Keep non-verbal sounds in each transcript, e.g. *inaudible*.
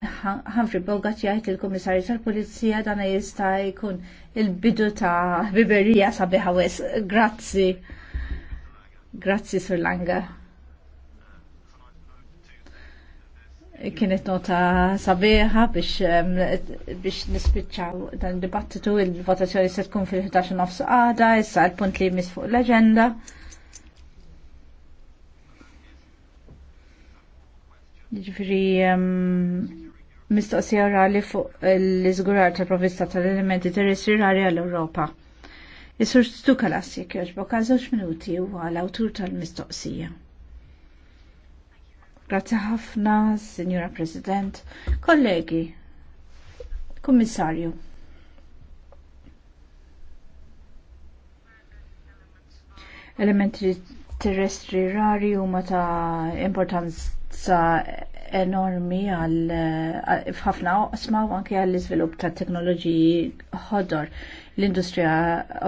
Humphrey Bogart jgħid il-Kummissarju tal-Pulizija dan jista' jkun il-bidu ta' *laughs* biberija sabiħa wes. Grazzi. Grazzi Sir Langa. Kienet nota sabiħa biex biex nispiċċaw dan dibattitu il-votazzjoni se tkun fil-11 nofs għada, issa l-punt li jmiss fuq l-aġenda. Ġifiri, mistoqsija rali fuq l-izgurar tal-provista tal-elementi terrestri għall-Europa. Isur stu kalassi assik joġbok għazoċ minuti u għal-autur tal-mistoqsija. Grazie ħafna, Signora President, kollegi, Kommissarju. Elementi terrestri rari huma ta' importanza enormi għal eh, ħafna oqsma u anke għall iżvilupp ta' teknoloġiji ħodor. L-industrija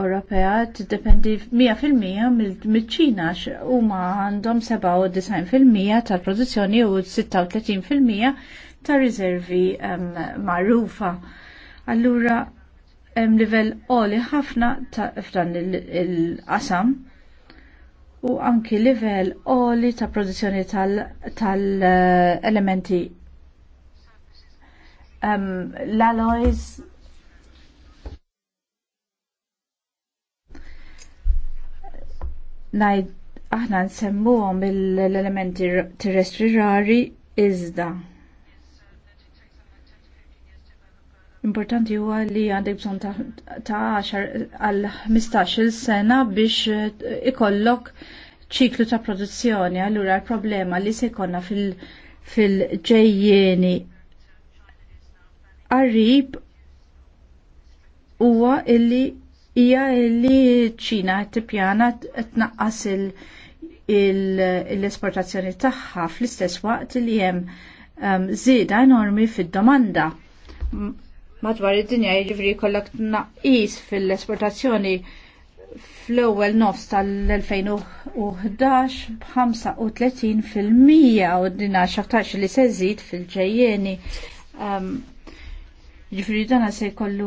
Ewropea tiddependi 100% mill-ċina huma għandhom 97% tal-produzzjoni u 36% ta' riservi magħrufa. Allura hemm livell qoli ħafna ta' f'dan il-qasam. il qasam u anki livell oli ta' produzzjoni tal-elementi tal um, l-alloys najd aħna nsemmuhom l-elementi terrestri rari iżda Importanti huwa li għandek bżon ta' 10 għal 15 sena biex eh, ikollok ċiklu ta' produzzjoni. Allura l-problema li se jkollna fil-ġejjeni għarrib huwa illi hija illi ċina tippjana tnaqqas l-esportazzjoni tagħha fl-istess waqt li hemm ehm, żieda enormi fid-domanda madwar id-dinja jiġifieri jkollok tnaqqis fil-esportazzjoni fl-ewwel nofs tal-2011 b'35 fil-mija u dina xaktarx li se żid fil-ġejjeni. Ehm, Ġifri dana se jkollu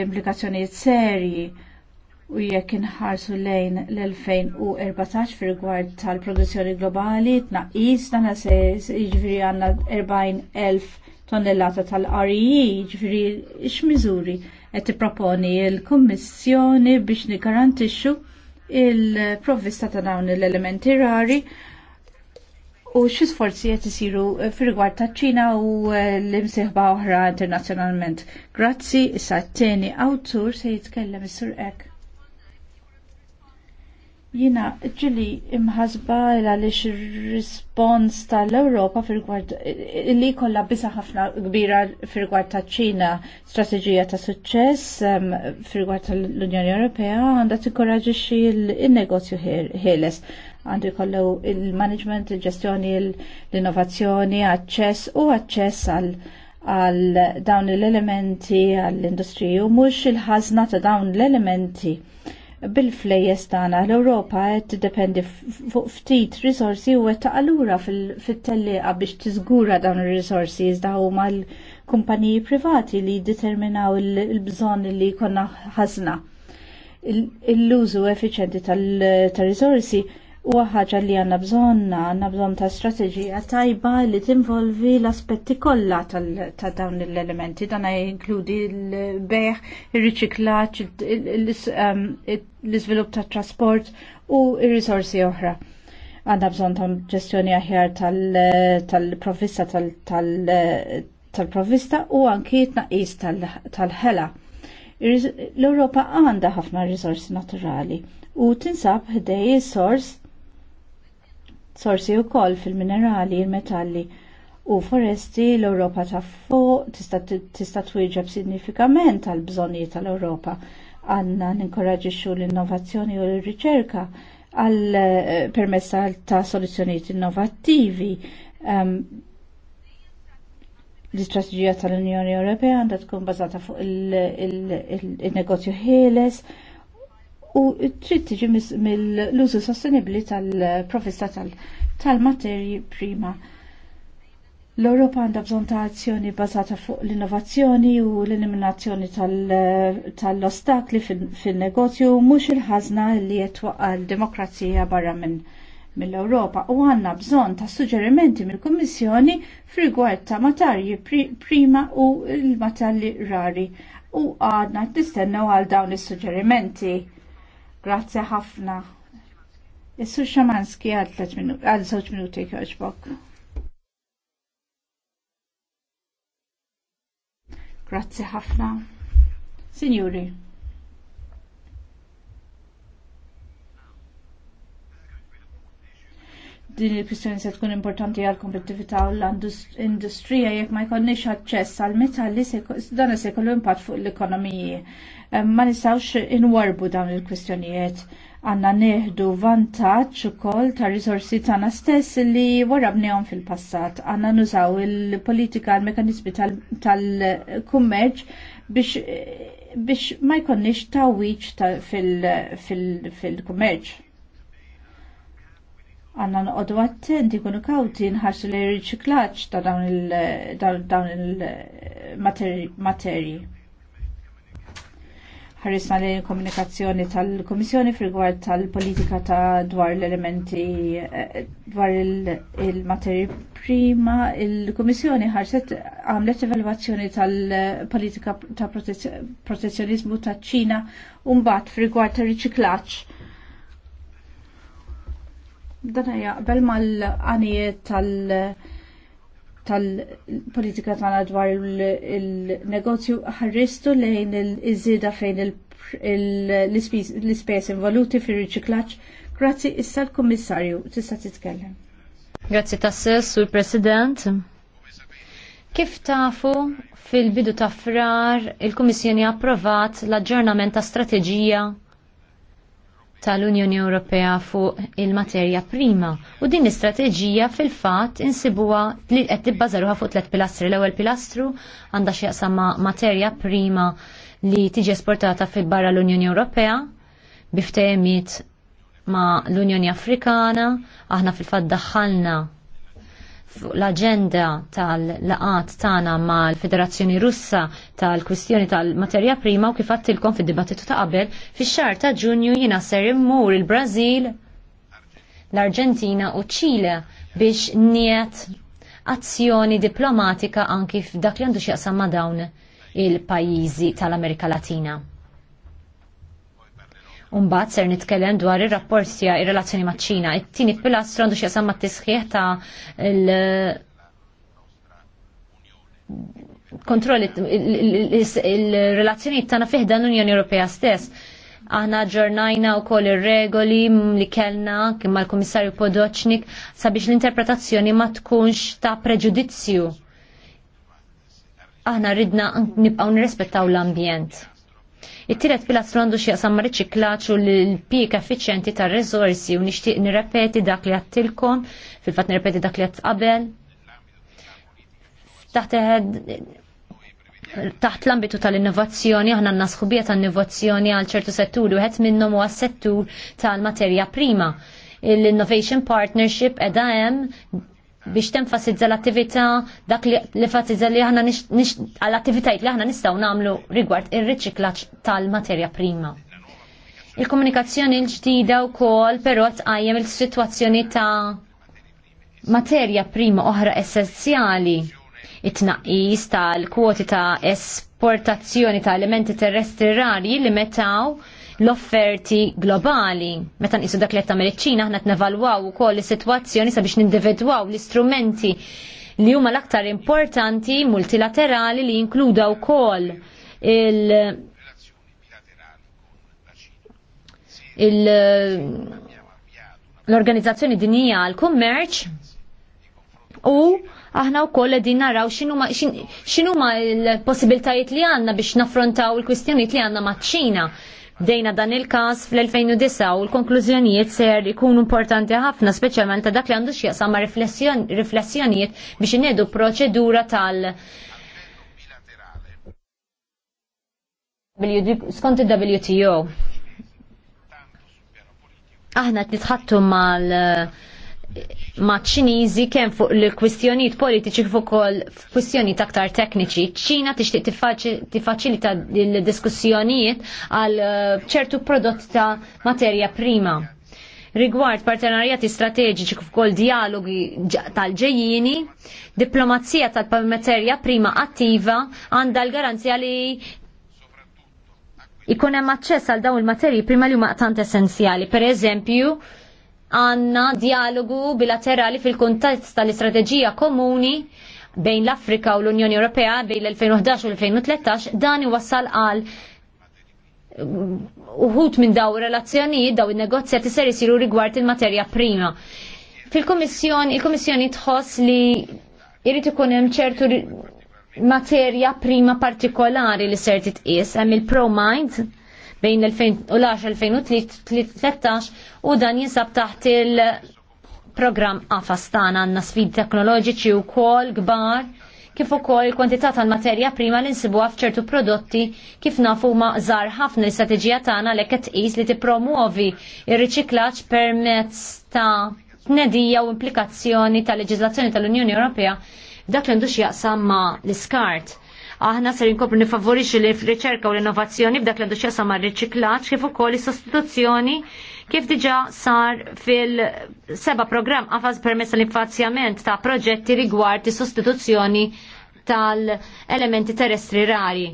implikazzjonijiet serji u jekk inħarsu lejn l-2014 fir rigward tal-produzzjoni globali tnaqqis dana se jiġifieri għandna 40,000 tonnellata tal-REE, e, ġifiri x'miżuri mizuri qed tipproponi l-Kummissjoni biex nigarantixxu il-provvista ta' dawn l-elementi rari u xi sforzi qed isiru fir-rigward taċ-Ċina u l-imsieħba oħra internazzjonalment. Grazzi, issa t-tieni awtur se jitkellem is-sur Ek. Jina ġili imħasba għalix il-respons tal-Europa fil-gward li kolla bisa ħafna kbira fil-gward ta' ċina strategija ta' suċċess fil-gward tal-Unjoni Ewropea għandha tikkoraġi il-negozju ħeles għandu kollu il-management, il-ġestjoni, l-innovazzjoni, aċċess u aċċess għal għal dawn l-elementi għall-industriju mhux il-ħażna ta' dawn l-elementi bil-flejjes tagħna l-Ewropa qed tiddependi fuq ftit risorsi u qed taqalura fit-telliqa biex tiżgura dawn ir-risorsi iżda huma l-kumpaniji privati li jiddeterminaw il-bżonn li jkollna ħażna. L-użu effiċjenti tal-risorsi tal u ħaġa li għanna bżonna, għanna bżon ta' strategija tajba li tinvolvi l-aspetti kollha ta' dawn l-elementi, dan jinkludi l-beħ, il-riċiklaċ, l izvilup um, ta' trasport u il-risorsi oħra. Għanna bżon ta' ġestjoni aħjar tal-provista tal-provista u anki tnaqis tal-ħela. L-Europa għanda ħafna risorsi naturali u tinsab ħdej sors sorsi wkoll fil-minerali, il-metalli u foresti l-Ewropa ta' fuq tista' twieġeb sinifikament għal bżonnijiet tal-Ewropa. Għandna ninkoraġixxu l-innovazzjoni u l-riċerka għal eh, permessa ta' soluzzjonijiet innovattivi. Ehm, L-istrategija tal-Unjoni Ewropea għandha tkun bażata fuq il-negozju ħieles, il, il, il, il u trid tiġi mill-użu sostenibbli tal-professa tal-materji prima. L-Europa għandha bżonn ta' azzjoni bbażata fuq l-innovazzjoni u l-eliminazzjoni tal-ostakli fin-negozju mhux il-ħażna li qed l demokrazija barra minn mill-Ewropa u għandna bżonn ta' suġġerimenti mill-Kummissjoni f'rigward ta' matarji prima u l matalli rari u għadna t-istennew għal dawn is-suġġerimenti. Grazie ħafna. Issu Xamanski għal 3 minuti, għal 2 minuti kħoġbok. Grazie ħafna. Signori. din il-kwistjoni se tkun importanti għal kompetitività u l-industrija jekk ma jkollniex aċċess għal li dan se jkollu impatt fuq l-ekonomiji. Ma nistgħux inwarbu dawn il-kwistjonijiet għanna neħdu vantaġġ ukoll ta' risorsi tagħna stess li warabnihom fil-passat. Għanna nużaw il-politika l-mekanizmi tal-kummerġ biex biex ma jkollniex tawiċ fil-kummerġ għanna noqodu għattenti kunu kawti nħarsu li riċiklaċ ta' dawn il-materji. Ħarisna li komunikazzjoni tal-Komissjoni fil tal-politika ta' dwar l-elementi eh, dwar il-materji prima, il-Komissjoni ħarset għamlet evalwazzjoni tal-politika ta' protezzjonizmu ta' ċina un bat fil-gwar tal-riċiklaċ Dan jaqbel mal qanijiet tal- tal-politika tagħna dwar il-negozju ħarristu lejn il żieda fejn l-ispejs involuti fir-riċiklaġġ. Grazzi issa l-Kummissarju, tista' titkellem. Grazzi tas-sess Sur President. Kif tafu fil-bidu ta' frar il-Kummissjoni approvat l-aġġornament ta' strateġija tal-Unjoni Ewropea fuq il-materja prima. U din l-istrateġija fil-fat insibuha li qed tibbażaruha fuq tliet pilastri. L-ewwel pilastru għandha xi ma' materja prima li tiġi esportata fil barra l-Unjoni Ewropea biftejmit ma' l-Unjoni Afrikana, aħna fil-fatt daħħalna fuq l-agenda tal-laqat tagħna mal-Federazzjoni Russa tal-kwistjoni tal-materja prima u kif għattilkom fid-dibattitu ta' qabel, fix-xahar ta' Ġunju jiena ser immur il-Brażil, l-Arġentina u ċile biex niet azzjoni diplomatika anki f'dak li għandu x'jaqsam ma' dawn il-pajjiżi tal-Amerika Latina. Umbat ser nitkellem dwar ir sija ir-relazzjoni maċ ċina. It-tieni pilastru għandu x'jaqsam t tisħiħ ta' l kontrolli il-relazzjoni tagħna fih dan l-Unjoni Ewropea stess. Aħna ġornajna u koll ir-regoli li kellna kien mal-Kummissarju Podoċnik sabiex l-interpretazzjoni ma tkunx ta' preġudizzju. Aħna ridna nibqgħu nirrispettaw l-ambjent It-tielet pilastru għandu x'jaqsam ma' iċiklaċu l-pik effiċjenti tar rizorsi u nixtieq nirrepeti dak li għattilkom, fil-fatt nirrepeti dak li għattqabel. qabel. Taħt taħt l-ambitu tal-innovazzjoni, aħna nasħubija tal-innovazzjoni għal ċertu setturi, u għet minnom u għas-settur tal-materja prima. L-Innovation Partnership edha hemm biex tenfasizza l-attività dak li fatizza li aħna għall-attivitajt li aħna nistgħu nagħmlu rigward ir-riċiklaġġ tal-materja prima. Il-komunikazzjoni l-ġdida wkoll però tqajjem il-sitwazzjoni ta' materja prima oħra essenzjali it naqis tal-kwoti ta' esportazzjoni ta' elementi terrestri rari li metaw l-offerti globali. Meta nqisu dak li qed tagħmel iċ-Ċina aħna nevalwaw ukoll is-sitwazzjoni sabiex nindividwaw l-istrumenti li huma l-aktar importanti multilaterali li jinkluda wkoll il il l-organizzazzjoni dinija għal kummerċ u aħna u koll din naraw xinu ma il l-possibiltajiet li għanna biex naffrontaw il-kwistjoniet li għanna maċ-ċina Dejna dan il-kas fl-2009 u l-konklużjonijiet ser ikun importanti ħafna, speċjalment ta' dak li għandu xieqsa ma' riflessjonijiet biex inedu proċedura tal- skont il-WTO. Aħna t-nitħattu mal- uh, maċ kemm fuq l-kwistjonijiet politiċi fuq ukoll f'kwistjonijiet aktar tekniċi. ċina tixtieq tiffaċilita l-diskussjonijiet għal eh, ċertu prodotti ta' materja prima rigward partenarjati strateġiċi fuq ukoll dialogi tal-ġejjini, diplomazija tal-materja prima attiva għandha l-garanzija li ikun hemm aċċess għal dawn il-materji prima li huma tant essenzjali. Per eżempju, għanna dialogu bilaterali fil-kontest tal-istrateġija komuni bejn l-Afrika u l-Unjoni Ewropea bejn l-2011 u l-2013 dan iwassal għal um, uħut minn daw relazzjonijiet daw il-negozjati ser jisiru rigward il-materja prima. Fil-Komissjoni, il-Komissjoni tħoss li irrid ikun hemm ċertu materja prima partikolari li ser titqies hemm il-pro mind bejn 2010-2013 u dan jinsab taħt il-program Afastana għanna sfidi teknoloġiċi u kol gbar kif ukoll il-kwantità tal-materja prima li nsibuha f'ċertu prodotti kif nafu ma żar ħafna l-istrateġija tagħna l qed tqis li tippromuovi r riċiklaġġ permezz ta' tnedija u implikazzjoni tal-leġiżlazzjoni tal-Unjoni Ewropea dak li ndux jaqsam ma l-iskart. Aħna ser inkopru nifavorixxi li riċerka u l-innovazzjoni b'dak l għandu ma' riċiklaġġ kif ukoll is-sostituzzjoni kif diġa sar fil-seba programm għafaz permessa l-infazzjament ta' proġetti rigward is-sostituzzjoni tal-elementi terrestri rari.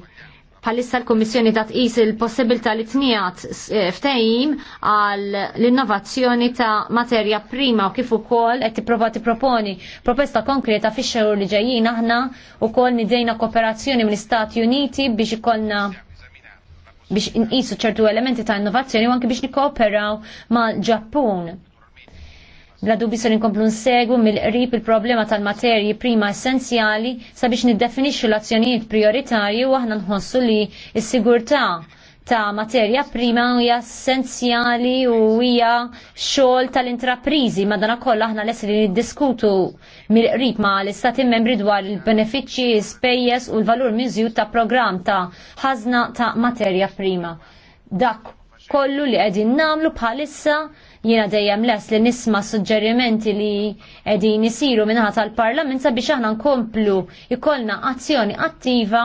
Palissa l kommissjoni ta' tqis il-possibilità li tnijat eh, ftehim għal l-innovazzjoni ta' materja prima u kif ukoll qed tipprova tipproponi proposta konkreta fix-xhur li ġejjin aħna wkoll nidejna kooperazzjoni mill-Istati Uniti biex ikollna biex inqisu ċertu elementi ta' innovazzjoni u anke biex nikkooperaw mal-Ġappun Bla dubi ser inkomplu nsegu mill-qrib il-problema tal-materji prima essenzjali sabiex niddefinixxu l-azzjonijiet prioritarji u aħna nħossu li s-sigurtà ta' materja prima hija essenzjali u hija xogħol tal-intrapriżi madana aħna lesti li niddiskutu mill-qrib ma' l-istati membri dwar il-benefiċċji, spejjes u l-valur miżjud ta' programm ta' ħażna ta' materja prima. Dak kollu li qegħdin namlu bħalissa Jiena dejjem les li nisma' suġġerimenti li qegħdin isiru minħat tal-Parlament sabiex aħna nkomplu jkollna azzjoni attiva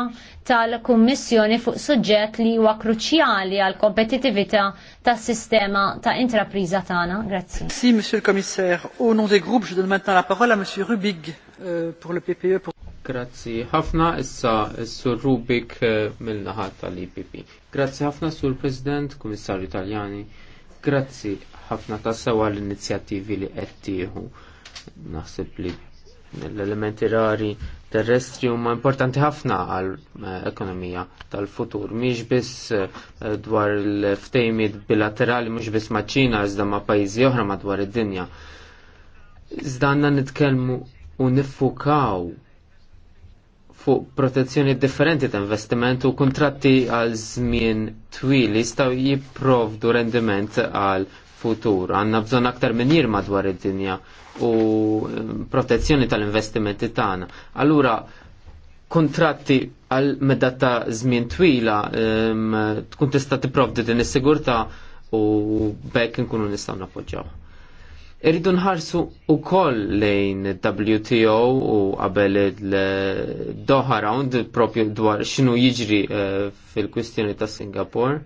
tal-Kummissjoni fuq suġġett li huwa kruċjali għal kompetitività tas-sistema ta' intrapriża tagħna. Grazzi. Si, Monsieur le Commissaire, au nom des groupes, je donne maintenant la parole à Monsieur Rubig euh, pour le PPE. Pour... Grazzi ħafna issa sur Rubik euh, mill-naħat tal-IPP. Grazzi ħafna sur President, Kummissarju Taljani Grazzi ħafna tassaw għall-inizjattivi li qed tieħu. Naħseb li l-elementi rari terrestri huma importanti ħafna għal eh, ekonomija tal-futur. Mhix biss eh, dwar l-ftejmiet bilaterali mhux biss ma' Ċina iżda ma' pajjiżi oħra madwar id-dinja. Iżda għandna nitkellmu u nifukaw fuq protezzjoni differenti ta' investiment u kontratti għal żmien twil jistgħu jipprovdu rendiment għal futur. Għandna bżonn aktar minjir madwar id-dinja u ehm, protezzjoni tal-investimenti tagħna. Allura kontratti għal medda ta' żmien twila ehm, tkun tista' tipprovdi din is-sigurtà u bekk nkunu nistgħu nappoġġjaw. Irridu nħarsu u koll lejn WTO u qabel il-Doha Round propju dwar xinu jiġri uh, fil-kwistjoni ta' Singapore.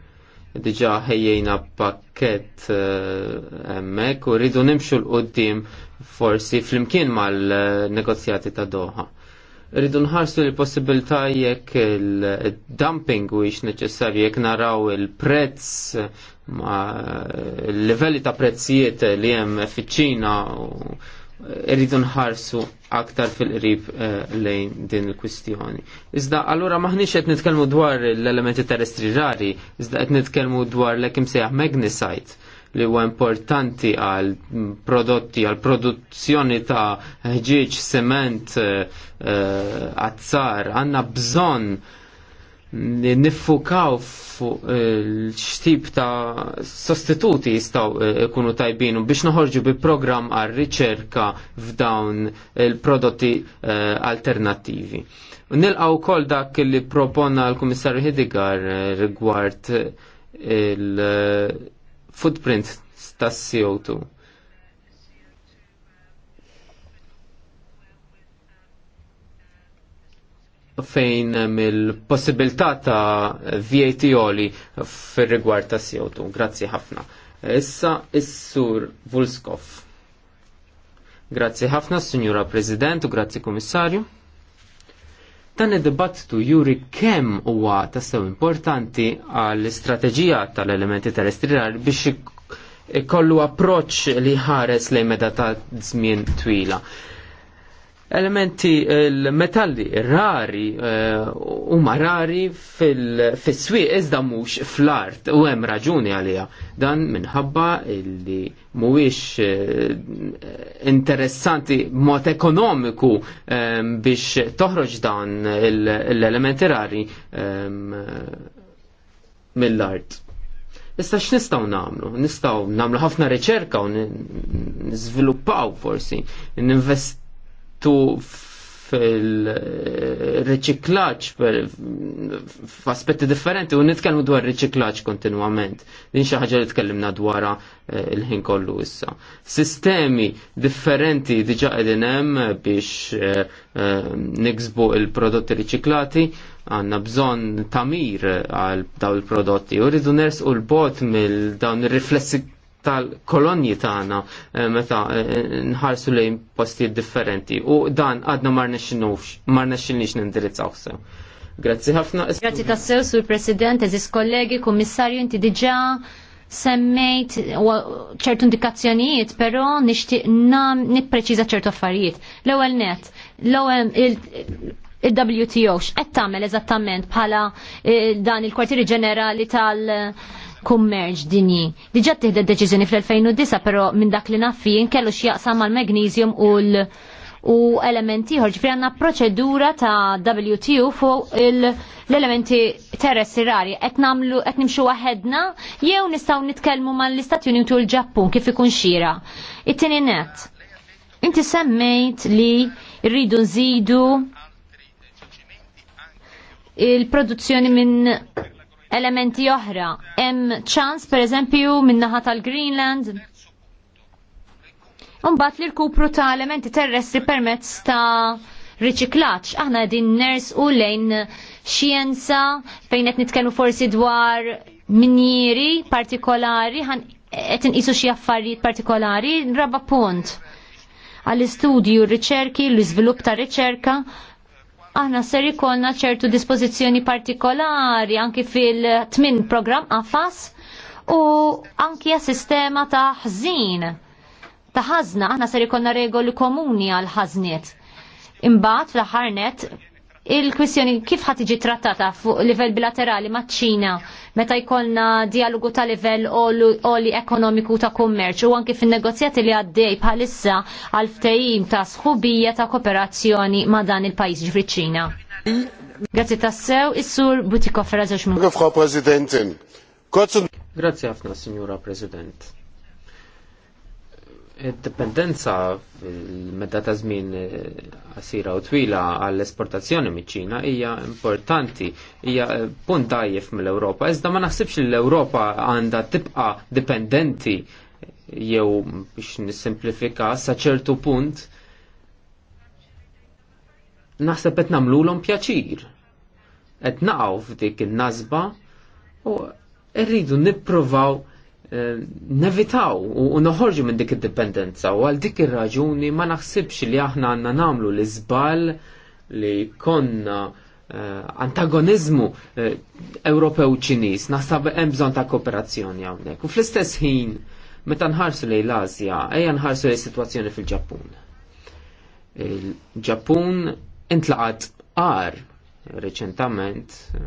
Diġa ħejjejna pakket eh, emmek uh, u rridu nimxu l-qoddim forsi fl-imkien mal-negozjati ta' Doha. Rridu nħarsu li possibilta jekk il-dumping u ix neċessarju jekk naraw il-prezz ma l-livelli ta' prezzijiet li hemm fiċ-Ċina eh, irridu nħarsu aktar fil-qrib eh, lejn din il-kwistjoni. Iżda allura maħniex qed nitkellmu dwar l-elementi terrestri rari, iżda qed nitkellmu dwar l-ekim sejħ magnesite li huwa importanti għal prodotti, għal produzzjoni ta' ħġieġ, sement, għazzar, eh, għanna bżonn li niffukaw fuq eh, l-xtib ta' sostituti jistaw eh, ikunu tajbin u biex noħorġu bi program għal riċerka f'dawn il-prodotti eh, alternativi. Nilqaw kol dak li propona l-Komissarju Hidigar rigward il-footprint tas CO2 fejn mill-possibilità ta' VAT oli fir rigward ta' CO2. Grazzi ħafna. Issa is-sur Vulskov. Grazzi ħafna, Signora President, u grazzi Komissarju. Dan id-dibattitu juri kemm huwa tassew importanti għall-istrateġija tal-elementi terrestriali biex ikollu approċċ li ħares lejn meta ta' żmien twila elementi il-metalli rari huma uh, rari fil-swieq iżda mhux fl-art u hemm raġuni għalija. dan minħabba li mhuwiex uh, interessanti mod ekonomiku um, biex toħroġ dan l-elementi rari um, mill-art. Issa x'nistgħu nagħmlu? Nistgħu nagħmlu ħafna riċerka u nizviluppaw forsi, ninvest tu fil-riċiklaġġ f'aspetti differenti u nitkellmu dwar riċiklaġġ kontinwament. Din xi ħaġa li tkellimna dwarha eh, il-ħin kollu issa. Sistemi differenti diġa qegħdin hemm biex eh, eh, niksbu il-prodotti riċiklati għanna bżon tamir għal daw il-prodotti u rridu nersqu l-bot mill dawn il-riflessi tal-kolonji tagħna eh, meta eh, nħarsu lejn postijiet differenti u dan għadna marna xinux, marna nexxinix nindirizzaw sew. Grazzi ħafna. Grazzi tassew sur President, eżis kollegi, kummissarju, inti diġà semmejt ċertu indikazzjonijiet, però nixtieq nam nippreċiża ċertu affarijiet. L-ewwel net, l-ewwel il-WTO x'qed tagħmel eżattament bħala eh, dan il-kwartieri ġenerali tal- kummerġ dinji. Diġà tieħda deċiżjoni fl-2009, però minn dak li naffi jien kellu x'jaqsam mal-magnesium u l u elementi ieħor ġifri għandna proċedura ta' WTO fuq l-elementi terrestri rari. Qed nagħmlu qed nimxu waħedna jew nistgħu nitkellmu mal-Istati Uniti u l-Ġappun kif ikun xira. It-tieni net. Inti semmejt li rridu nżidu il-produzzjoni minn elementi oħra. Hemm ċans pereżempju min-naħa tal-Greenland. Imbagħad li rkupru ta' elementi terrestri permezz ta' riċiklaċ. Aħna din ners u lejn xjenza fejn qed nitkellmu forsi dwar minjiri partikolari ħan qed inqisu xi affarijiet partikolari raba punt għall-istudju r-riċerki, l-iżvilupp ta' riċerka aħna ser ikollna ċertu dispożizzjoni partikolari anki fil-tmin programm AFAS u anki sistema ta' ħżin ta' ħażna aħna ser ikollna regoli komuni għal ħażniet. Imbagħad fl-aħħar net il-kwistjoni kif ħat iġi trattata fuq livell bilaterali ma' ċina meta jkollna dialogu ta' livell oli ekonomiku ta' kummerċ u anki fin-negozjati li għaddej bħalissa għal ftehim ta' sħubija ta' kooperazzjoni ma' dan il-pajjiż ġifri ċina. Grazzi tassew, is-sur Butikoffer għazax minn. Grazie ħafna, Signora President. Id-dipendenza medda ta' żmien għasira eh, u twila għall-esportazzjoni miċ-Ċina hija importanti, hija eh, punt dajjef mill-Ewropa. Iżda ma naħsibx li l-Ewropa għandha tibqa' dipendenti eh, jew biex nissimplifika sa ċertu punt naħseb qed nagħmlulhom pjaċir. Qed naqgħu f'dik in-nażba u rridu nippruvaw Eh, nevitaw u noħorġu minn dik id-dipendenza u għal dik ir-raġuni ma naħsibx li aħna għandna nagħmlu l iżball li konna eh, antagonizmu eh, Ewropew Ċiniż naħseb hemm bżonn ta' kooperazzjoni hawnhekk. U fl-istess ħin meta nħarsu lejn l-Asja, ejja nħarsu lejn sitwazzjoni fil-Ġappun. Il-Ġappun intlaqat qar reċentament eh,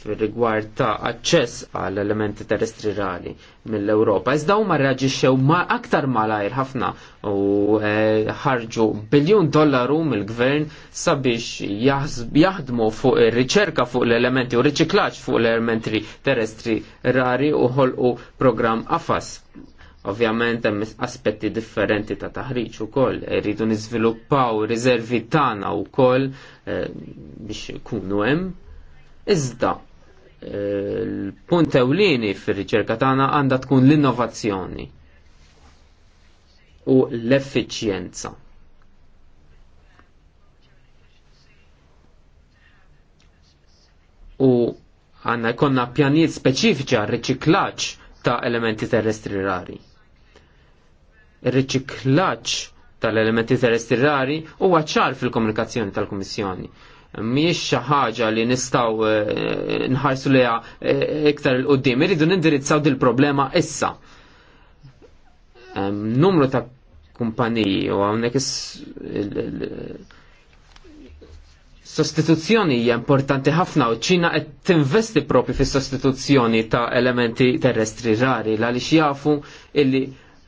fil-rigward ta' aċċess għal elementi terrestri rali mill-Europa. Iżda huma reaġixxew ma' aktar malajr ħafna u eh, ħarġu biljun dollaru mill-gvern sabiex jaħdmu fuq ir-riċerka fuq l-elementi u riċiklaġġ fuq l-elementi terrestri rari u ħolqu programm AFAS. Ovvjament hemm aspetti differenti ta' taħriġ ukoll, irridu niżviluppaw riservi tagħna wkoll biex kunu hemm. Iżda l-punt ewlieni fir-riċerka tagħna għandha tkun l-innovazzjoni u l-effiċjenza. U għanna jkollna pjanijiet speċifiċi għal riċiklaġġ ta' elementi terrestri rari. Ir-riċiklaġġ tal-elementi terrestri rari huwa ċar fil-komunikazzjoni tal-Kummissjoni. Mhijiex xi ħaġa li nistgħu eh, nħarsu liha eh, iktar il qoddim irridu nindirizzaw dil-problema issa. Numru ta' kumpaniji u hawnhekk sostituzzjoni hija importanti ħafna u ċina qed tinvesti propri fis sostituzzjoni ta' elementi terrestri rari għaliex jafu illi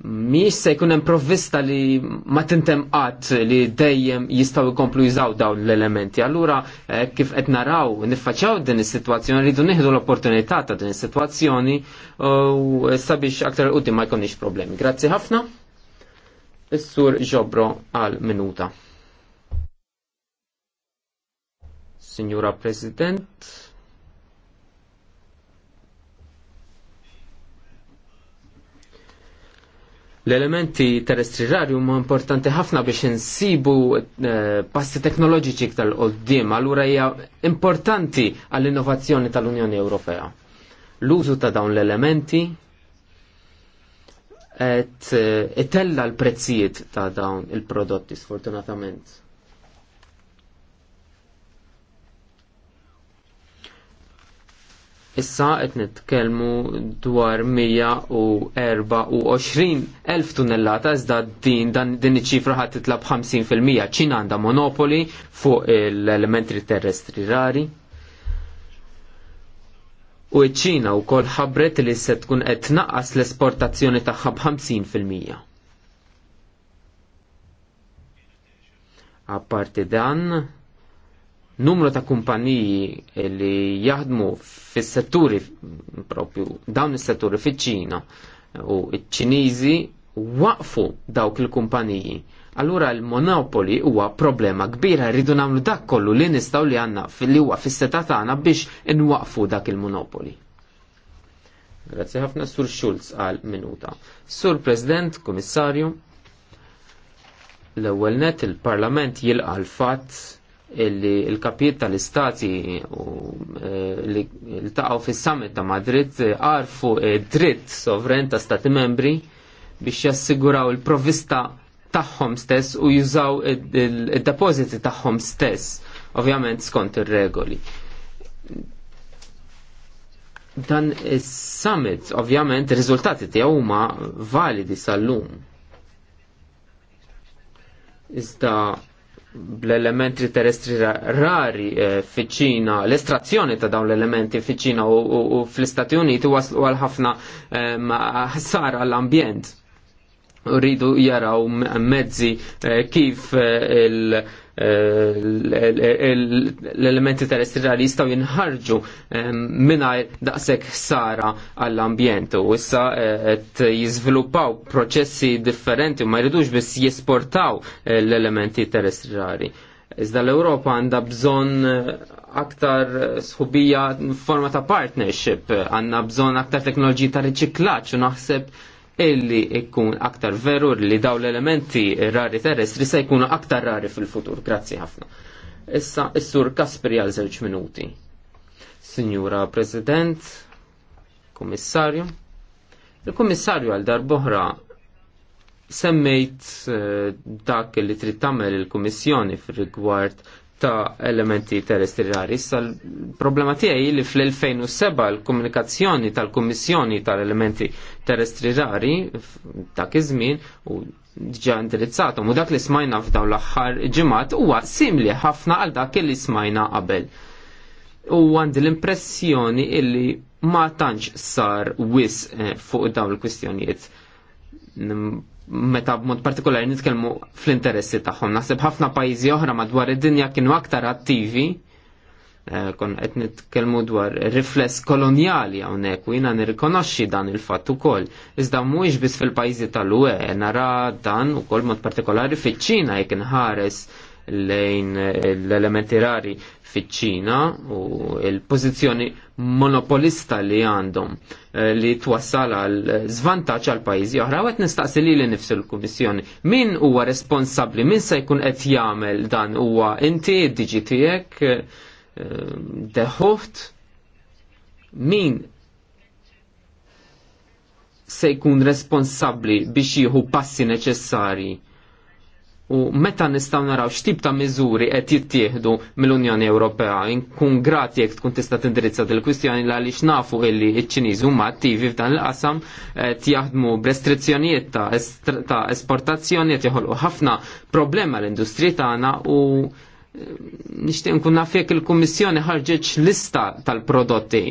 miex se jkun hemm provvista li ma tintem qatt li dejjem jistgħu jkomplu jżaw dawn l-elementi. Allura eh, kif qed naraw niffaċċjaw din is-sitwazzjoni rridu nieħdu l-opportunità ta' din is-sitwazzjoni u eh, sabiex aktar qudiem ma jkunniex problemi. Grazzi ħafna. Is-sur ġobro għal minuta. Signora President, L-elementi terrestri rari huma importanti ħafna biex insibu eh, passi teknoloġiċi tal qoddim allura hija importanti għall-innovazzjoni tal-Unjoni Ewropea. L-użu ta' dawn l-elementi et eh, itella l-prezzijiet ta' dawn il-prodotti sfortunatament. Issa qed nitkellmu dwar 124,000 elf tunnellata iżda din dan din iċ-ċifra ħadd titlab 50%. Ċina għandha monopoli fuq l-elementi terrestri rari. U ċ-Ċina wkoll ħabbret li se tkun qed tnaqqas l-esportazzjoni tagħha b'50%. Apparti dan, numru ta' kumpaniji li jaħdmu fis-setturi propju dawn is-setturi fiċ-Ċina u ċ-Ċiniżi waqfu dawk il-kumpaniji. Allura l-monopoli huwa problema kbira rridu nagħmlu dak kollu li nistgħu li għandna fil-li huwa fis-seta tagħna biex inwaqfu dak il-monopoli. Grazzi ħafna Sur Schulz għal minuta. Sur President, Komissarju, l-ewwel net il-Parlament jilqa' l-fatt illi il kapiet tal-istati eh, li taqaw fis-summit ta' Madrid eh, għarfu eh, dritt sovren ta' stati membri biex jassiguraw il-provista tagħhom stess u jużaw id-depożiti tagħhom stess, ovvjament skont ir-regoli. Dan is-summit, ovvjament, ir-riżultati tiegħu huma validi sal-lum. Iżda bl-elementi terrestri rari eh, fiċina, l-estrazzjoni ta' dawn l-elementi fiċina u fl-Istati Uniti waslu għal ħafna eh, ħsara għall-ambjent rridu jaraw mezzi eh, kif eh, eh, il- l-elementi terrestriali jistaw jinħarġu mingħajr daqsek sara għall-ambjent u issa jizviluppaw proċessi differenti u ma jridux biss jesportaw l-elementi terrestriali. Iżda l-Europa għandha bżonn aktar sħubija forma ta' partnership, għandna bżonn aktar teknoloġiji ta' riċiklaġġ u naħseb illi ikkun aktar veru li daw l-elementi rari terrestri se jkunu aktar rari fil-futur. Grazzi ħafna. Issa, issur Kasperi għal żewġ minuti. Signora President, Kommissarju, il komissarju għal darboħra semmejt eh, dak li trid tagħmel il-Kummissjoni fir-rigward ta' elementi terrestri Issa l-problema tiegħi li fl-2007 l-komunikazzjoni tal-Kummissjoni tal-elementi terrestri rari ta' iż-żmien u ġa indirizzatom u dak li smajna f'daw l-aħħar ġimgħat huwa simli ħafna għal dak li smajna qabel. U għandi l-impressjoni illi ma tantx sar wis eh, fuq dawn il-kwistjonijiet meta b'mod partikolari nitkellmu fl-interessi tagħhom. Naħseb ħafna pajjiżi oħra madwar id-dinja kienu aktar attivi eh, kon qed nitkellmu dwar rifless kolonjali hawnhekk u jiena nirrikonoxxi dan il-fatt ukoll. Iżda mhuwiex biss fil-pajjiżi tal-UE nara dan ukoll mod partikolari fiċ-Ċina jekk inħares lejn l-elementi rari fiċ-Ċina u l-pożizzjoni monopolista li għandhom eh, li twassal għal zvantaġġ għal pajjiżi oħra qed nistaqsi li nifsu l-Kummissjoni. Min huwa responsabbli, min se jkun qed jagħmel dan huwa inti diġi tiegħek eh, deħuft min se jkun responsabbli biex jieħu passi neċessarji u meta nistgħu naraw x'tip ta' miżuri qed jittieħdu mill-Unjoni Ewropea. Nkun grati jekk tkun tista' tindirizza dil kwistjoni li għaliex nafu illi ċ ċiniż huma attivi f'dan il-qasam qed jaħdmu b'restrizzjonijiet ta' esportazzjoni qed joħolqu ħafna problema l-industrija tagħna u eh, nishtiq nkun naf jekk il-Kummissjoni ħarġeġ lista tal-prodotti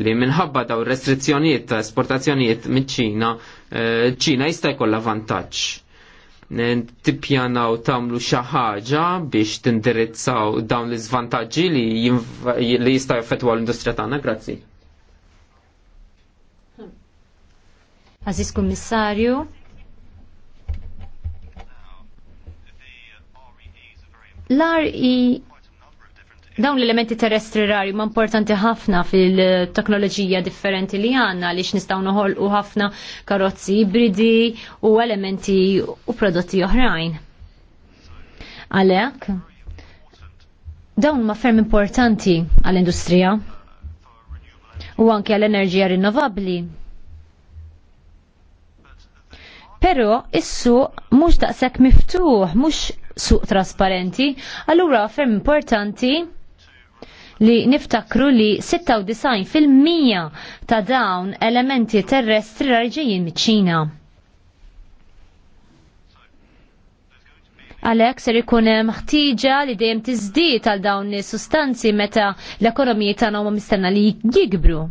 li minħabba daw restrizzjonijiet ta' esportazzjonijiet miċ-Ċina, eh, Ċina jista' jkollha vantaġġ tippjanaw tamlu xi ħaġa biex tindirizzaw dawn l iżvantaġġi li, li jista' jaffettwa l-industrija tagħna. Grazzi. Aziz Kummissarju, l-RE dawn l-elementi terrestri rari ma importanti ħafna fil-teknoloġija differenti li għanna li x'nistgħu noħolqu ħafna karozzi ibridi u elementi u prodotti oħrajn. Għalhekk dawn ma ferm importanti għall-industrija u anke għall-enerġija rinnovabbli. Pero issu mhux daqshekk miftuħ, mhux suq trasparenti, allura ferm importanti li niftakru li 96% ta' dawn elementi terrestri raġijin miċ-Ċina. Għalhekk ser ikun hemm ħtieġa li dejjem tiżdied għal dawn is-sustanzi meta l-ekonomiji tagħna huma mistenna li jikbru.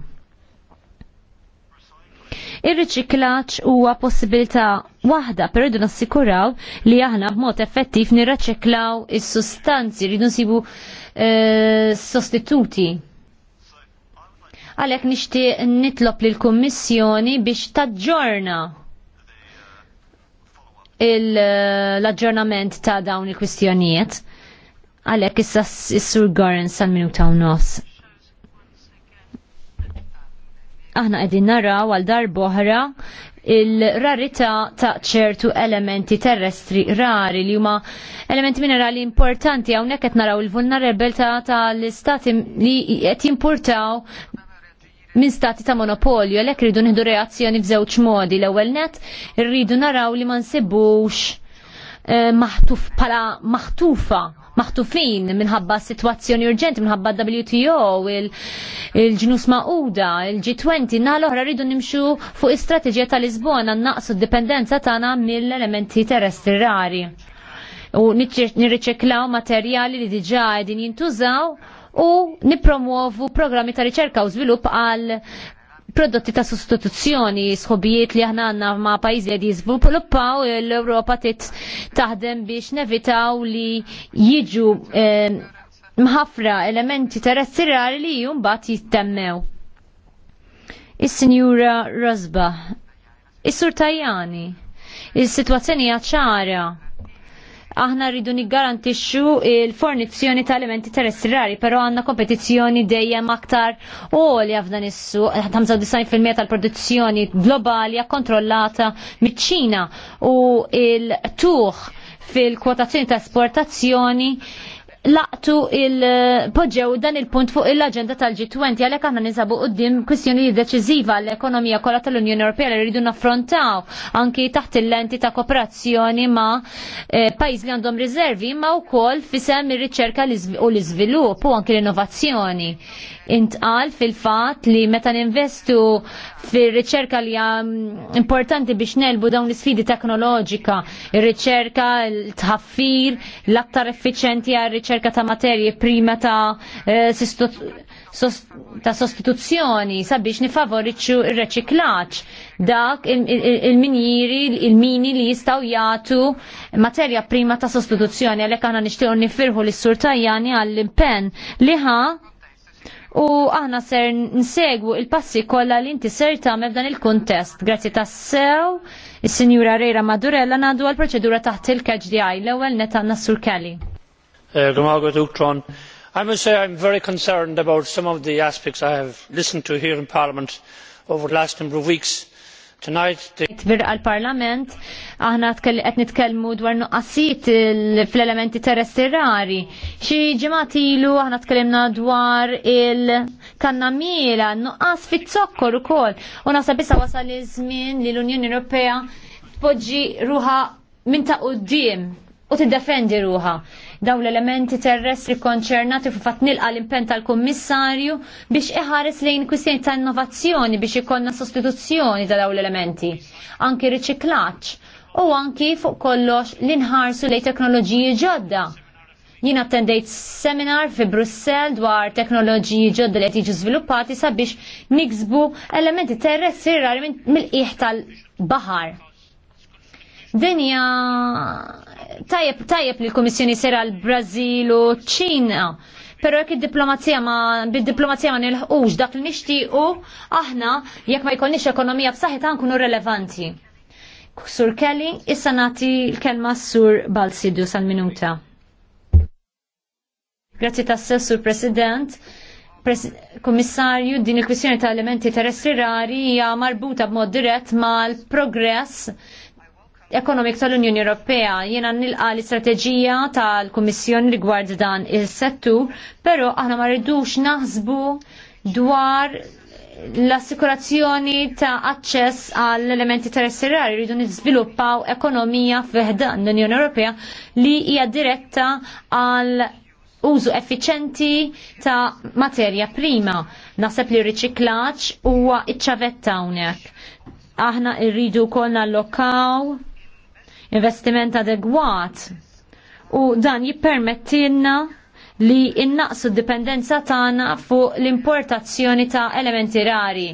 Ir-riċiklaġġ huwa possibilità waħda, però jridu nassikuraw li aħna b'mod effettiv nirraċiklaw is-sustanzi rridu nsibu eh, sostituti. Għalhekk nixtieq nitlob lill kummissjoni biex taġġorna eh, l-aġġornament ta' dawn il-kwistjonijiet. Għalhekk issa s-sur Goren sal-minuta u nos aħna qegħdin naraw għal darboħra il-rarità ta' ċertu elementi terrestri rari li huma elementi minerali importanti hawnhekk qed naraw il-vulnerabilità tal-istati li qed jimpurtaw minn stati ta' monopolju, għalhekk rridu nieħdu reazzjoni f'żewġ modi. L-ewwel net irridu naraw li ma nsibbux eh, maħtuf pala maħtufa maħtufin minħabba situazzjoni urġenti, minħabba WTO, il-ġnus il maquda, il-G20, na l-oħra rridu nimxu fuq istrateġija tal-Lisbona naqsu d-dipendenza tagħna mill-elementi terrestri rari. U nirriċeklaw materjali li diġà qegħdin jintużaw u nipromuovu programmi ta' riċerka u żvilupp għal prodotti ta' sostituzzjoni, sħobijiet li aħna għanna ma' pajjiżi li jiżviluppaw l ewropa tit taħdem biex nevitaw li jiġu eh, mħafra elementi rari li bat jittemmew. Is-Sinjura Rosba, is-Sur Tajani, is-situazzjoni ċara aħna rridu niggarantixxu il-fornizzjoni ta' elementi terrestri rari, però għandna kompetizzjoni dejjem aktar għolja f'dan issu, 95% tal-produzzjoni globali hija kontrollata miċ-Ċina u il-tuħ fil-kwotazzjoni ta' esportazzjoni laqtu il-poġġew eh, dan il-punt fuq il-agenda tal-G20 għalhekk aħna ninsabu qudiem kwistjoni deċiżiva l-ekonomija kollha tal-Unjoni Ewropea li rridu naffrontaw anki taħt il-lenti ta' kooperazzjoni ma' eh, pajz li għandhom riservi ma' wkoll fisem ir-riċerka u l-iżvilupp u anki l-innovazzjoni. Intqal fil-fatt li meta ninvestu fir-riċerka li mm, importanti biex nelbu dawn l-sfidi teknoloġika, ir-riċerka, il tħaffir l-aktar effiċenti għal-riċerka riċerka ta' materji prima ta' eh, ta' sostituzzjoni sabiex nifavoriċu il reċiklaġġ dak il-minjiri, il-mini li jistaw jagħtu materja prima ta' sostituzzjoni għalhekk aħna nixtiequ nifirħu lis-sur Tajjani għall-impenn liħa u aħna ser nsegwu il-passi kollha li inti ser tagħmel f'dan il-kuntest. Grazzi tassew, is-Sinjura Rejra Madurella nadu għall-proċedura taħt il-KGDI l-ewwel netta Nassur Kelly. Eh, i must say i am very concerned about some of the aspects i have listened to here in parliament over the last number of weeks. Tonight, għal-parlament, aħna qed nitkellmu dwar nuqqasijiet fl-elementi terrestri rari. Xi ilu aħna tkellimna dwar il nuqqas zokkor ukoll. U naħseb issa wasal iż-żmien li l-Unjoni Ewropea tpoġġi ruha minn ta' quddiem u tiddefendi ruha daw l-elementi terrestri konċernati fu fatt nilqa l-impen tal-Kummissarju biex iħares lejn kwistjoni ta' innovazzjoni biex ikonna sostituzzjoni ta' daw l-elementi, anki riċiklaċ u anki fuq kollox l-inħarsu lejn teknoloġiji ġodda. Jien attendejt seminar fi Brussel dwar teknoloġiji ġodda li qed sviluppati żviluppati sabiex niksbu elementi terrestri rari mill iħ tal-baħar. Dinja tajjeb tajjeb li l-Kummissjoni sera l-Brażil u ċina. Pero jekk id-diplomazija ma bid-diplomazija ma nilħqux dak li nixtiequ aħna jekk ma jkollniex ekonomija b'saħħitha nkunu relevanti. Sur Kelly, issa nagħti l-kelma sur Balsidu sal-minuta. Grazzi tas sur President. Komissarju, din il-kwissjoni ta' elementi terrestri rari hija marbuta b'mod dirett mal-progress Economic tal-Unjoni Ewropea jiena nilqa l-istrateġija tal-Kummissjoni rigward dan il-settur, però aħna ma rridux naħsbu dwar l-assikurazzjoni ta' aċċess għall elementi terrestri rridu niżviluppaw ekonomija fiħdan l-Unjoni Ewropea li hija diretta għal użu effiċenti ta' materja prima. Naseb li riċiklaċ huwa iċċavetta hawnhekk. Aħna rridu kol lokaw investiment adegwat u dan jippermettilna li innaqsu d-dipendenza tagħna fuq l-importazzjoni ta' elementi rari.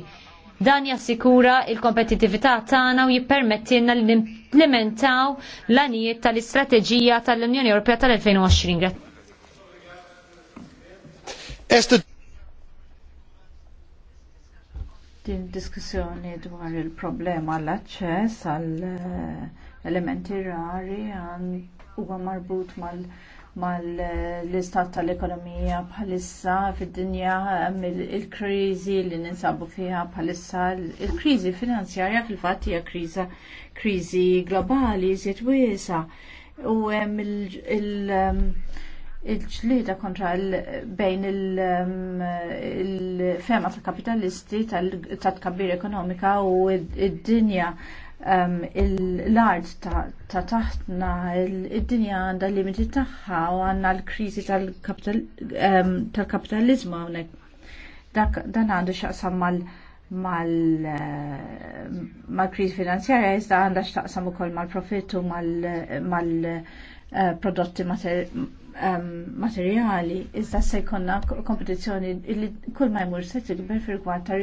Dan jassikura il-kompetitività tagħna u jippermettilna li nimplementaw l-anijiet tal-istrateġija tal-Unjoni Ewropea tal-2020. Din diskussjoni dwar il-problema l-aċċess għal eh, elementi rari għan huwa marbut mal mal-istat tal-ekonomija bħalissa fid-dinja il-kriżi li ninsabu fiha bħalissa il-kriżi finanzjarja fil-fatt hija kriżi globali żiet wiesa' u hemm il um, ġlieda kontra bejn um, il-fema tal-kapitalisti tal-tkabbir ekonomika u id-dinja Um, l-art ta' taħtna id-dinja għandha limiti tagħha u għandna l-kriżi um, tal-kapitalizmu hawnhekk dan għandu x'aqsam uh, mal-kriżi finanzjarja iżda għandha x'taqsam ukoll mal-profittu mal-prodotti uh, um, materjali iżda se jkollna kompetizzjoni li kull ma jmur se tikber fil-kwant ta' u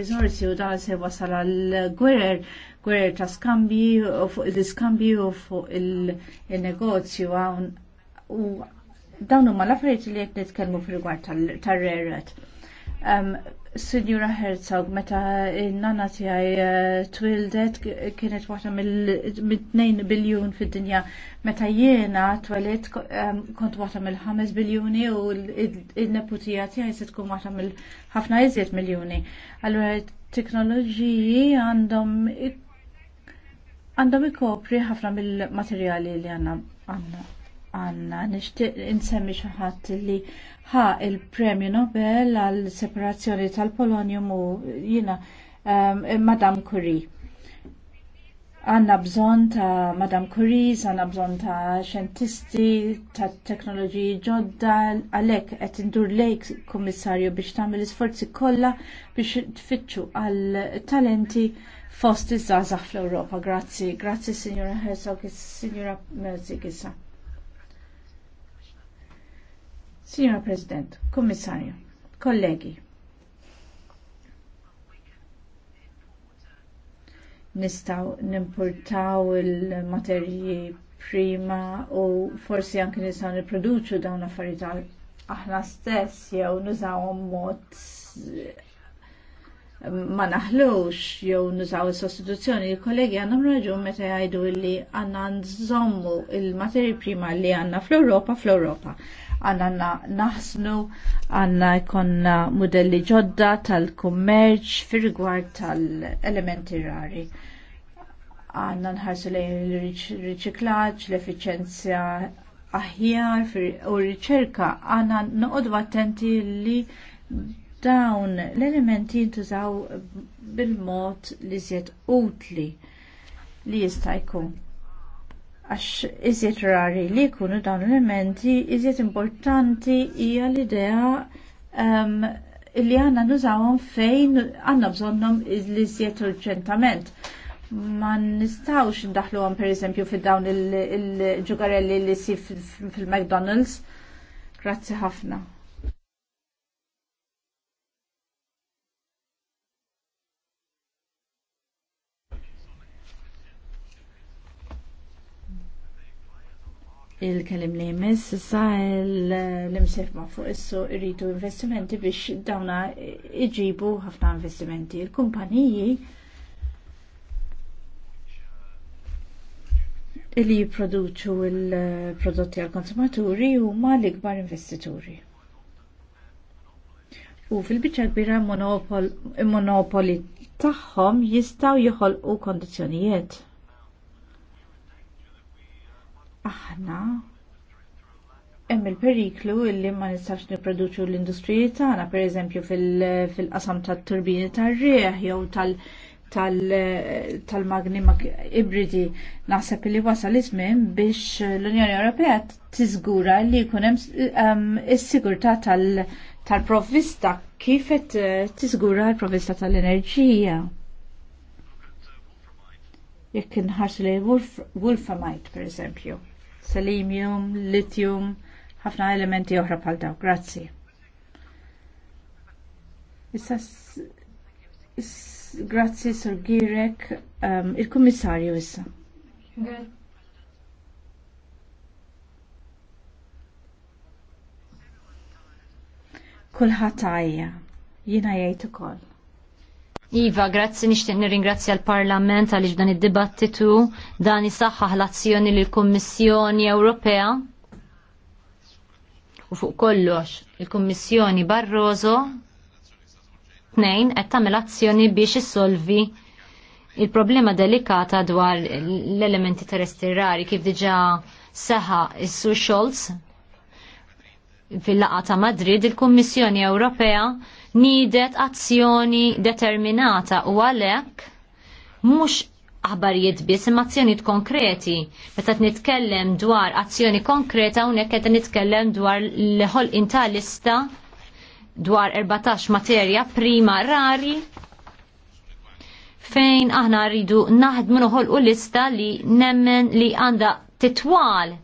dan se wasala l gwerer gwerer ta' skambi u fuq il-diskambi u fuq il-negozju u dawnu huma l-affarijiet li qed nitkellmu fil-rigward tar-reret. Sinjura Herzog, meta n-nana tiegħi eh, twildet kienet waħda mill-2 biljun fid-dinja. Meta jiena twelid kont waħda mill-5 biljuni u l-neputija tiegħi se tkun waħda mill-ħafna iżjed miljuni. Allura t-teknoloġiji għandhom għandhom ikopri ħafna mill-materjali li għanna għanna għanna nishtiq insemmi xaħat li ħa il-premju Nobel għal separazzjoni tal-polonium u jina um, Madame Curie. Għanna bżon ta' Madame Curie, għanna bżon ta' xentisti, ta' teknoloġiji ġodda, għalek għet indur lejk kommissarju biex tamil isforzi kolla biex tfittxu għal talenti fost iż-żgħażagħ fl-Ewropa. Grazzi, grazzi Sinjura Herzog, Sinjura Merzik issa. Signora President, Kommissarju, kollegi, nistaw nimportaw il-materji prima u forsi anke nistaw niproduċu dawn affarijiet aħna stess jew nużawhom mod ma naħlux jew nużaw is-sostituzzjoni, il-kollegi għandhom raġun meta jgħidu li għandna nżommu il-materji prima li għandna fl-Ewropa fl-Ewropa. Għandna naħsnu, għandna jkollna modelli ġodda tal-kummerċ fir-rigward tal-elementi rari. Għanna nħarsu lejn il-riċiklaġġ, l-efficienzja aħjar u r-riċerka għandna noqogħdu attenti li dawn l-elementi jintużaw bil-mod li zjed utli li jista' jkun. Għax iżjed rari li jkunu dawn l-elementi, iżjed importanti hija l-idea um, li għanna nużawhom fejn għanna bżonnom li zjed urġentament. Ma nistawx ndaħlu għom per eżempju fil-dawn il-ġugarelli li si fil-McDonald's. Grazzi ħafna. il-kelim li jmiss, sa l-imsef ma fuq issu irridu investimenti biex dawna iġibu ħafna investimenti. Il-kumpaniji li jiproduċu il-prodotti għal-konsumaturi huma l-ikbar investituri. U fil-bicċa kbira monopoli tagħhom jistgħu joħolqu kondizzjonijiet aħna hemm il-periklu illi ma nistax nipproduċu l-industriji tagħna, pereżempju fil-qasam tat-turbini tar-rieħ jew tal- tal-magni ibridi naħseb li wasal iż-żmien biex l-Unjoni Ewropea tiżgura li jkun hemm is-sigurtà tal-provvista kif qed eh, tiżgura l-provvista tal-enerġija. Jekk inħarsu li per pereżempju selenium, lithium, ħafna elementi oħra bħal daw. Grazzi. Issa grazzi Sir Girek, um, il-Kummissarju issa. Okay. Kulħadd għajja, jiena jgħid ukoll. Iva, grazzi nixtieq nirringrazzja l-Parlament għaliex dan id-dibattitu dan isaħħaħ l-azzjoni l kommissjoni Ewropea u fuq kollox il-Kummissjoni Barroso tnejn qed tagħmel azzjoni biex issolvi il-problema delikata dwar l-elementi terrestri rari kif diġà saħa is-Sur Scholz fil-laqa ta' Madrid il-Kummissjoni Ewropea nidet azzjoni determinata u għalhekk mhux aħbarijiet biss imma azzjonijiet konkreti. Meta nitkellem dwar azzjoni konkreta hawnhekk qed nitkellem dwar l-ħolqin tal lista dwar 14 materja prima rari fejn aħna rridu naħdmu noħolqu lista li nemmen li għandha titwal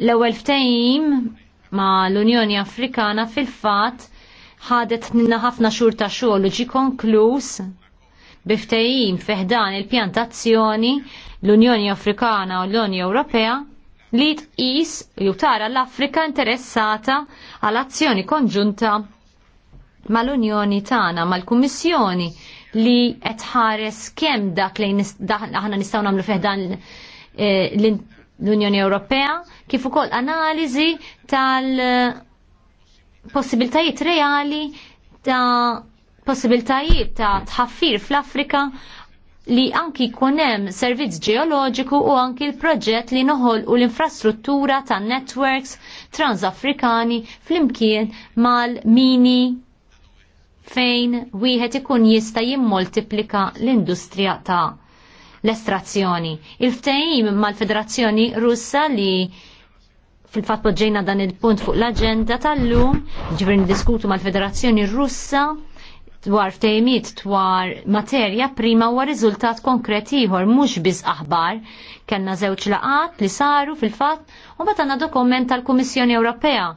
L-ewwel ftehim ma l-Unjoni Afrikana fil-fatt ħadet minna ħafna xhur ta' xogħol u ġi konkluż biftejjim feħdan il-pjantazzjoni l-Unjoni Afrikana u l-Unjoni Ewropea li tqis jew tara l-Afrika interessata għal azzjoni konġunta mal-Unjoni tagħna mal-Kummissjoni li qed ħares kemm dak lejn aħna nistgħu nagħmlu feħdan l-Unjoni Ewropea kif ukoll analiżi tal-possibiltajiet eh, reali ta' possibiltajiet ta' tħaffir fl-Afrika li anki kunem servizz ġeoloġiku u anki l-proġett li noħol u l-infrastruttura ta' networks transafrikani fl-imkien mal-mini fejn wieħed ikun jista' jimmultiplika l-industrija ta' l-estrazzjoni. Il-ftehim mal-Federazzjoni Russa li fil-fatt poġġejna dan il-punt fuq l-agenda tal-lum, ġifri diskutu mal-Federazzjoni Russa dwar ftejmiet dwar materja prima huwa riżultat konkret ieħor mhux biss aħbar. Kellna żewġ laqat li saru fil-fatt u meta dokument tal-Kummissjoni Ewropea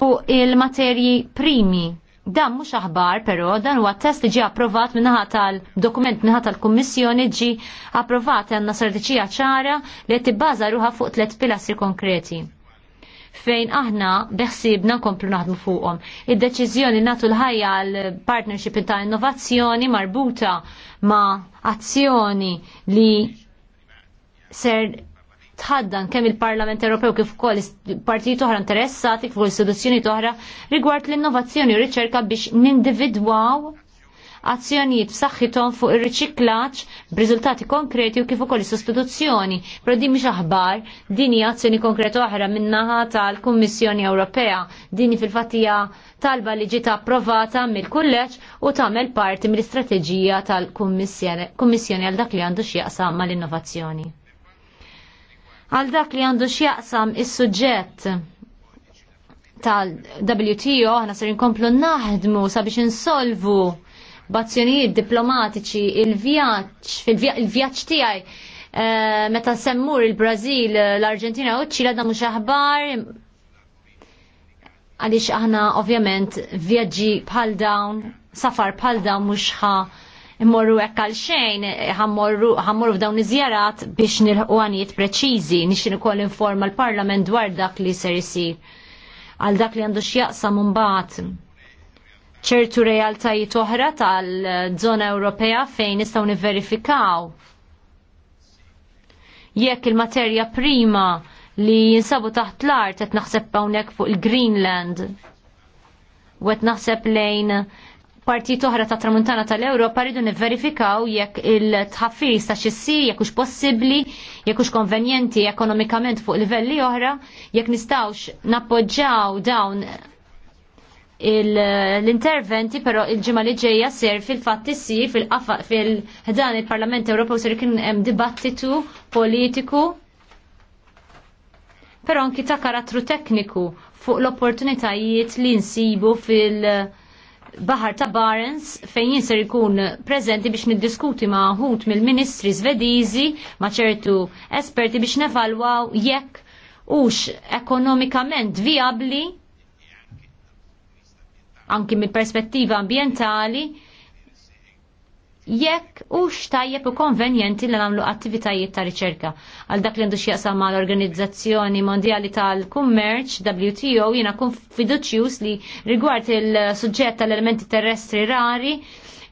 fuq il-materji primi Dan mhux aħbar, però dan huwa test li ġie approvat minnaħa tal-dokument minnaħa tal-Kummissjoni ġie approvat għandna strateġija ċara li qed tibbaża ruha fuq tliet pilastri konkreti fejn aħna beħsibna komplu naħdmu fuqhom. Id-deċiżjoni natu l-ħajja għal partnership ta' innovazzjoni marbuta ma' azzjoni li ser tħaddan kemm il-Parlament Ewropew kif ukoll partijiet oħra interessati fuq istituzzjoni oħra rigward l-innovazzjoni u riċerka biex nindividwaw azzjonijiet b'saħħithom fuq ir-riċiklaġġ b'riżultati konkreti u kif ukoll is-sostituzzjoni. Però din mhix aħbar, din hija azzjoni konkreta oħra min-naħa tal-Kummissjoni Ewropea. Din fil-fatt hija talba li ġiet approvata mill-kulleġġ u tagħmel parti mill-istrateġija tal-Kummissjoni għal dak li għandu x'jaqsam mal-innovazzjoni għal dak li għandu x'jaqsam is-suġġett tal-WTO aħna ser jinkomplu naħdmu sabiex insolvu b'azzjonijiet diplomatiċi il-vjaġġ il-vjaġġ tiegħi eh, meta semmur il-Brażil, l-Arġentina u ċila da mhux aħbar għaliex aħna ovvjament vjaġġi bħal dawn, safar bħal dawn mhux ħa immorru hekk għal xejn, ħammorru f'dawn iżjarat biex nilħu għanijiet preċiżi, nixin ukoll informa l-Parlament dwar dak li ser isir. Għal dak li għandu x'jaqsam mbagħad ċertu realtajiet oħra tal-żona Ewropea fejn nistgħu nivverifikaw jekk il-materja prima li jinsabu taħt l-art qed naħseb hawnhekk fuq il-Greenland u qed naħseb lejn partit oħra ta' tramuntana tal-Ewropa rridu nivverifikaw jekk il-tħaffir jista' x'issi jekk hux possibbli, jekk hux konvenjenti ekonomikament fuq livelli oħra, jekk nistgħux nappoġġjaw dawn l-interventi però il-ġimgħa li ġejja ser fil-fatt fil-ħdan il-Parlament Ewropew ser kien hemm dibattitu politiku però anki ta' karattru tekniku fuq l-opportunitajiet li nsibu fil- baħar ta' Barents fejn jinser ikun prezenti biex niddiskuti ma' ħut mill-ministri svedizi ma' ċertu esperti biex nevalwaw jekk ux ekonomikament viabli anki mill perspettiva ambientali jekk u xtajjeb u konvenjenti li nagħmlu attivitajiet ta' riċerka. Għal dak li għandu x'jaqsam l organizzazzjoni Mondjali tal-Kummerċ WTO jiena kun fiduċjus li rigward il-suġġett tal-elementi terrestri rari,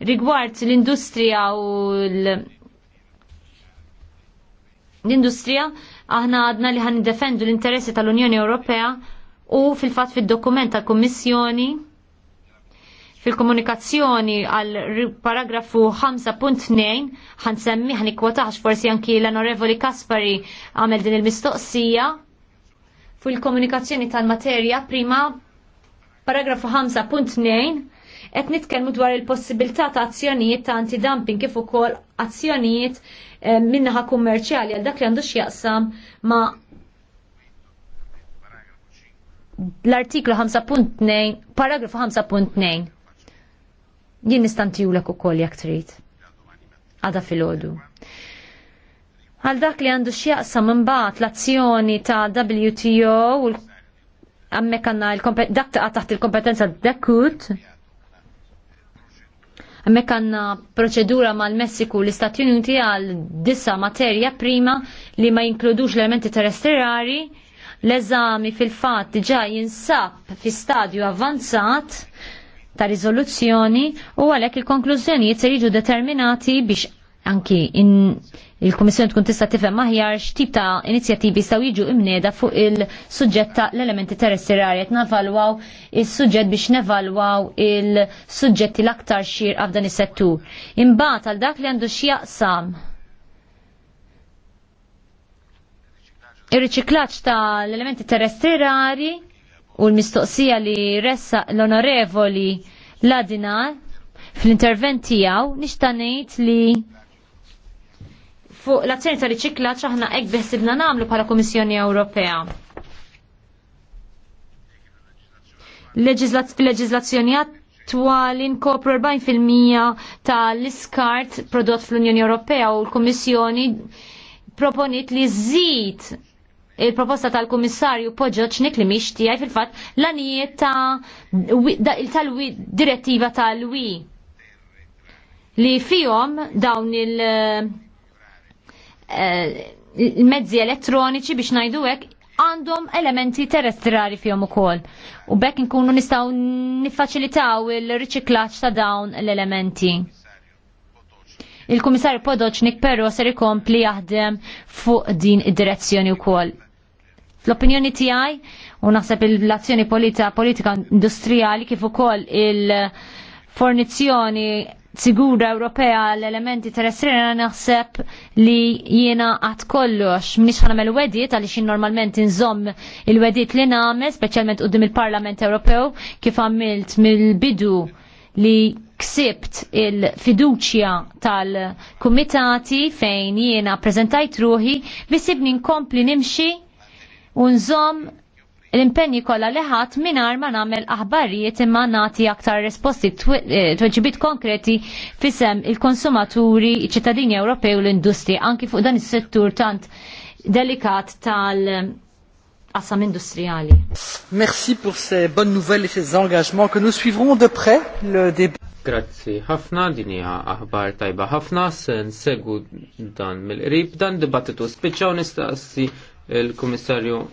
rigward l-industrija u l- l-industrija aħna għadna li ħan defendu l-interessi tal-Unjoni Ewropea u fil-fat fil-dokument tal-Kommissjoni fil-komunikazzjoni għal paragrafu 5.2 ħan semmi ħan ikwotax forsi anki l-onorevoli Kaspari għamel din il-mistoqsija fil-komunikazzjoni tal-materja prima paragrafu 5.2 qed nitkellmu dwar il-possibilità ta' azzjonijiet ta' antidumping kif ukoll azzjonijiet eh, minnaħa kummerċjali għal dak li għandu x'jaqsam ma' l-artiklu 5.2 paragrafu 5.2 Jien u ukoll jak trid. Għada filgħodu. Għal dak li għandu x'jaqsam imbagħad l-azzjoni ta' WTO u għammek għanna dak ta' taħt il-kompetenza dekut Mek għanna proċedura mal-Messiku l-Istati Uniti għal disa materja prima li ma jinkludux l-elementi terrestrali l-eżami fil-fat ġa jinsab fi stadju avvanzat ta' rizoluzzjoni u għalhekk il-konklużjonijiet se jiġu determinati biex anki il-Kummissjoni tkun tista' tifhem aħjar x'tip ta' inizjattivi jistgħu jiġu imnieda fuq il-suġġett ta' l-elementi rari qed navalwaw is-suġġett biex nevalwaw il-suġġetti l-aktar xir f'dan is-settur. Imbagħad għal dak li għandu x'jaqsam ir-riċiklaġġ ta' l-elementi rari u l-mistoqsija li ressa l-onorevoli Ladina fl-intervent tijaw nishtanejt li fuq l-azzjoni ta' riċikla aħna hekk biħsibna nagħmlu bħala Komissjoni Ewropea. Leġiżlazzjoni attwali nkopru 40% tal-iskart prodott fl-Unjoni Ewropea u l komissjoni proponit li żid il-proposta tal-Kummissarju poġġoċ nik li miex tijaj fil-fat l-anijiet ta' tal-wi direttiva tal-wi li fihom dawn il- eh, il-mezzi elettroniċi biex najdu hekk għandhom elementi terrestrali fihom ukoll. U bekk nkunu nistgħu niffaċilitaw il-riċiklaġġ ta' dawn l-elementi. Il-Kummissarju Podoċnik però ser ikompli jaħdem fuq din id-direzzjoni wkoll. L-opinjoni tiegħi u naħseb il-azzjoni politika, politika industrijali kif ukoll il-fornizzjoni sigura Ewropea l-elementi terrestrina naħseb li jiena għat kollox minix ħanamel wedit għalix jien normalment nżomm il-wedit li nagħmel, specialment qudiem il-Parlament Ewropew kif għamilt mill-bidu li ksibt il-fiduċja tal-kumitati fejn jiena prezentajt ruħi bisibni nkompli nimxi unżom l-impenji kolla liħat minar ma namel aħbarijiet imma nati aktar risposti eh, tweġibit konkreti fisem il-konsumaturi, ċittadini Ewropew u l-industri, anki fuq dan is-settur tant delikat tal- qasam industrijali. Merci pour ces bonnes nouvelles et ces engagements que nous suivrons de près le débat. Grazzi ħafna, din hija aħbar tajba ħafna, se nsegu dan mill-qrib, dan dibattitu spiċċaw nistaqsi il-Kummissarju